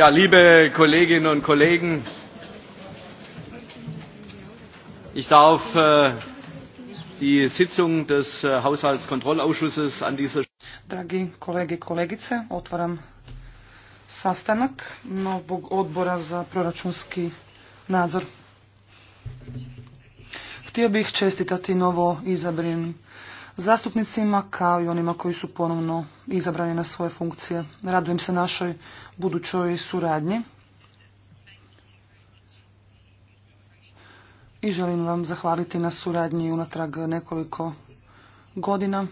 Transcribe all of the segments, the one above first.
Ja, liebe Kolleginnen und Kollegen, ich darf äh, die Sitzung des äh, Haushaltskontrollausschusses an dieser Dragi kolege i kolegice, otvaram sastanak novog odbora za proračunski nadzor. Htio bih čestitati novo izabrenim zastupnicima kao i onima koji su ponovno izabrani na svoje funkcije. Radujem se našoj budućoj suradnji. I želim vam zahvaliti na suradnji unatrag nekoliko godina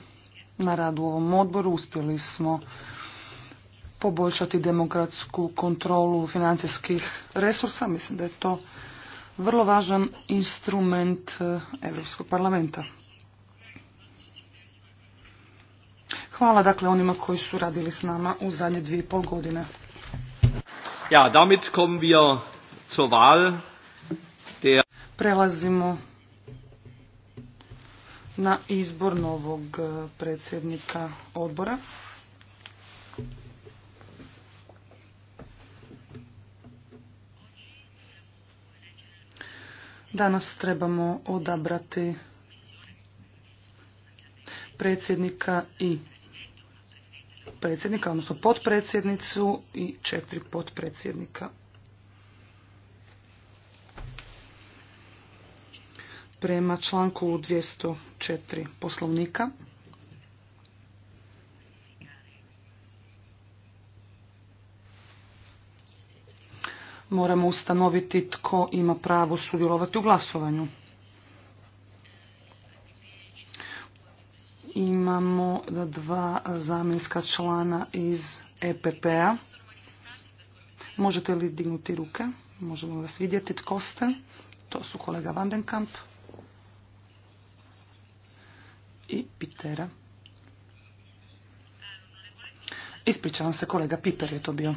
na radu u ovom odboru. Uspjeli smo poboljšati demokratsku kontrolu financijskih resursa. Mislim da je to vrlo važan instrument eh, Europskog parlamenta. Hvala dakle onima koji su radili s nama u zadnje dvije i pol godine. Ja, damit kommen wir Prelazimo na izbor novog eh, predsjednika odbora. Danas trebamo odabrati predsjednika i predsjednika, odnosno potpredsjednicu i četiri potpredsjednika. Prema članku 204 poslovnika moramo ustanoviti tko ima pravo sudjelovati u glasovanju. dva zamjenska člana iz EPP-a. Možete li dignuti ruke? Možemo vas vidjeti tko ste. To su kolega Vandenkamp i Pitera. Ispričavam se, kolega Piper je to bio.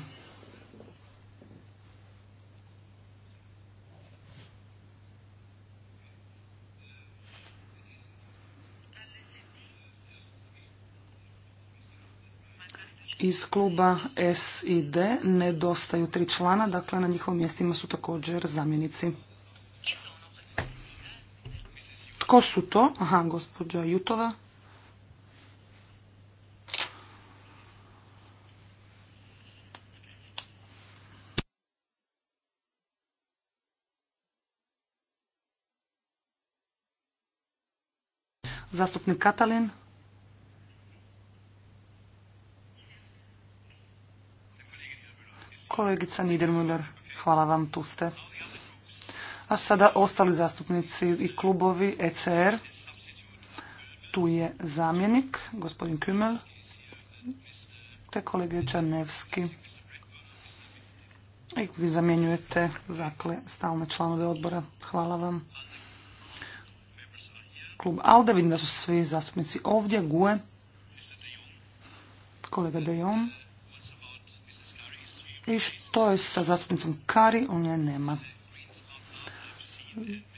iz kluba S i D nedostaju tri člana, dakle na njihovim mjestima su također zamjenici. Tko su to? Aha, gospođa Jutova. Zastupnik Katalin. Kolegica Niedermüller, hvala vam, tu ste. A sada ostali zastupnici i klubovi ECR. Tu je zamjenik, gospodin Kümel, te kolege Čarnevski. I vi zamjenjujete, zakle stalne članove odbora. Hvala vam. Klub Alde, vidim da su svi zastupnici ovdje, GUE, kolega De Jong. I što je sa zastupnicom Kari? On je nema.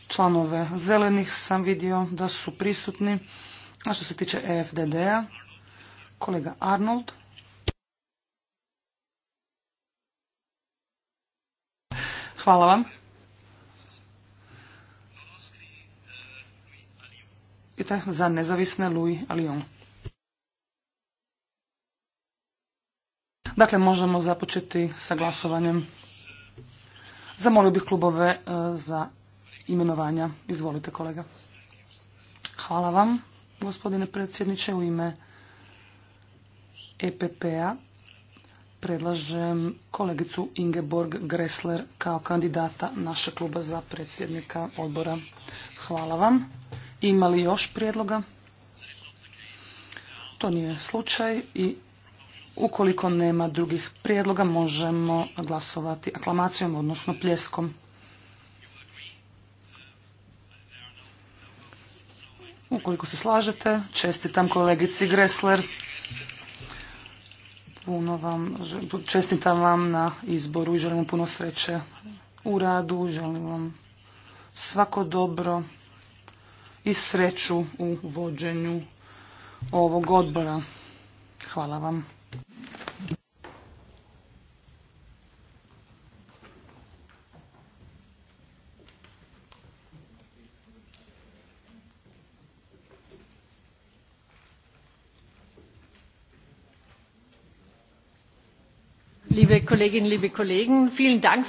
Članove zelenih sam vidio da su prisutni. A što se tiče EFDD-a, kolega Arnold. Hvala vam. za nezavisne Louis Alion. Dakle, možemo započeti sa glasovanjem. Zamolio bih klubove e, za imenovanja. Izvolite, kolega. Hvala vam, gospodine predsjedniče, u ime EPP-a predlažem kolegicu Ingeborg Gressler kao kandidata našeg kluba za predsjednika odbora. Hvala vam. Ima li još prijedloga? To nije slučaj i Ukoliko nema drugih prijedloga, možemo glasovati aklamacijom, odnosno pljeskom. Ukoliko se slažete, čestitam kolegici Gressler. Puno vam, čestitam vam na izboru i želim vam puno sreće u radu. Želim vam svako dobro i sreću u vođenju ovog odbora. Hvala vam. liebe kolleginnen liebe dank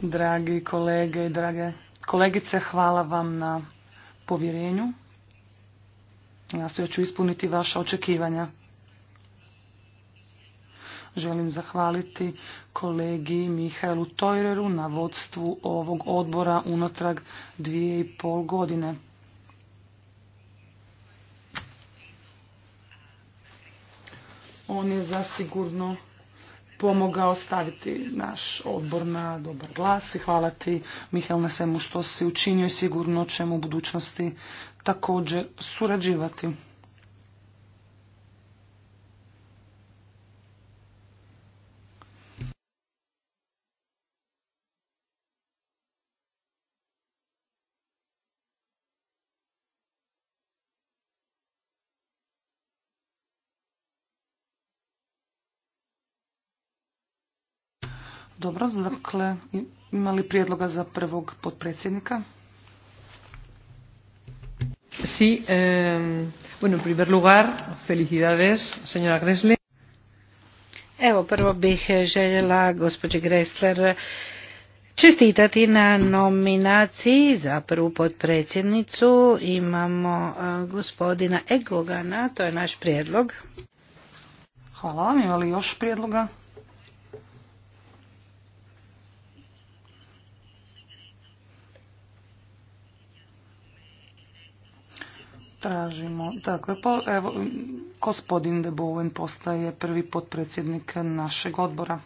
dragi kolege drage kolegice hvala vam na povjerenju nastojat ću ispuniti vaša očekivanja želim zahvaliti kolegi Mihajlu Tojreru na vodstvu ovog odbora unatrag dvije i pol godine On je zasigurno pomogao staviti naš odbor na dobar glas i hvala ti na svemu što si učinio i sigurno ćemo u budućnosti također surađivati. Dobro, dakle, imali prijedloga za prvog potpredsjednika? Si, eh, bueno, primer lugar, felicidades, señora Gressler. Evo, prvo bih željela gospođi Gressler čestitati na nominaciji za prvu potpredsjednicu. Imamo eh, gospodina Egogana, to je naš prijedlog. Hvala vam, ima li još prijedloga? tražimo. Dakle, pa, evo, gospodin de Bowen postaje prvi potpredsjednik našeg odbora.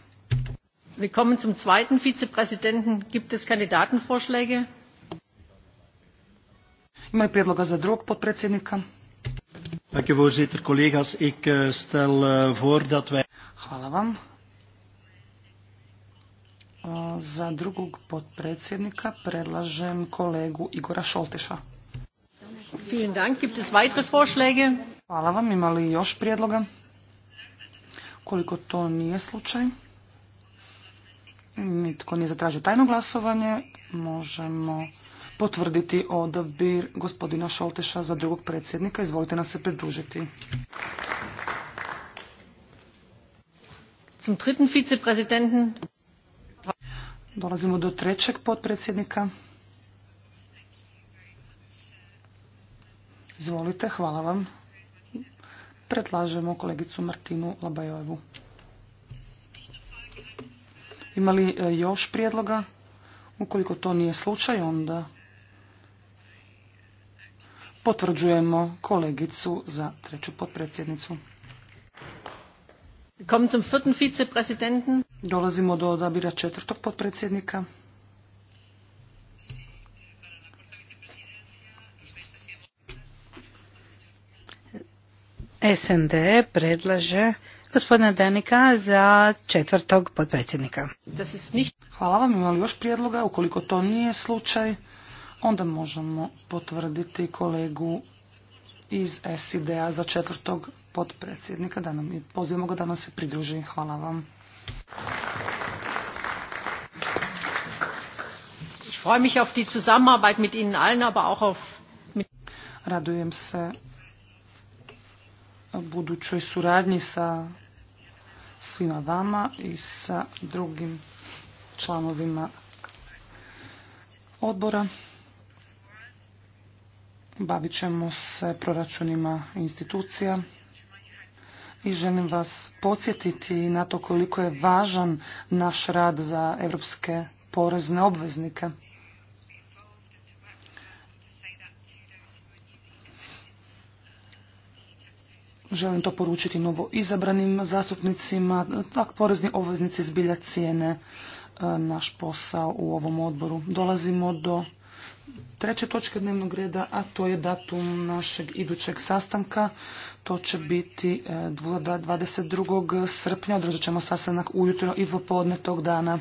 Willkommen zum zweiten Vizepräsidenten. Gibt es Kandidatenvorschläge? Ima li prijedloga za drugog potpredsjednika? Dank je, voorzitter. Collega's, ik eh, stel eh, voor dat wij... Hvala vam. Eh, za drugog potpredsjednika predlažem kolegu Igora Šoltiša. Vielen Hvala vam. Ima li još prijedloga? Koliko to nije slučaj, nitko nije zatražio tajno glasovanje, možemo potvrditi odabir gospodina Šolteša za drugog predsjednika. Izvolite nas se pridružiti. Zum dritten Dolazimo do trećeg potpredsjednika. Izvolite, hvala vam. Predlažemo kolegicu Martinu Labajevu. Ima li e, još prijedloga? Ukoliko to nije slučaj, onda potvrđujemo kolegicu za treću potpredsjednicu. Dolazimo do odabira četvrtog potpredsjednika. SND predlaže gospodina Danika za četvrtog potpredsjednika. Hvala vam, ima li još prijedloga? Ukoliko to nije slučaj, onda možemo potvrditi kolegu iz SID-a za četvrtog potpredsjednika. Da nam, pozivamo ga da nam se pridruži. Hvala vam. Ich freue mich auf die Zusammenarbeit mit Ihnen allen, aber auch auf... Radujem se budućoj suradnji sa svima vama i sa drugim članovima odbora. Bavit ćemo se proračunima institucija i želim vas podsjetiti na to koliko je važan naš rad za evropske porezne obveznike. Želim to poručiti novo izabranim zastupnicima. Tak porezni obveznici zbilja cijene e, naš posao u ovom odboru. Dolazimo do treće točke dnevnog reda, a to je datum našeg idućeg sastanka. To će biti 22. E, srpnja, održat ćemo sastanak ujutro i popodne tog dana.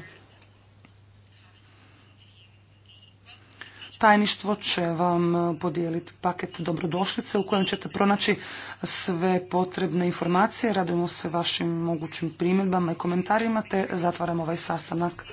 Tajništvo će vam e, podijeliti paket dobrodošlice u kojem ćete pronaći sve potrebne informacije. Radujemo se vašim mogućim primjedbama i komentarima te zatvaramo ovaj sastanak.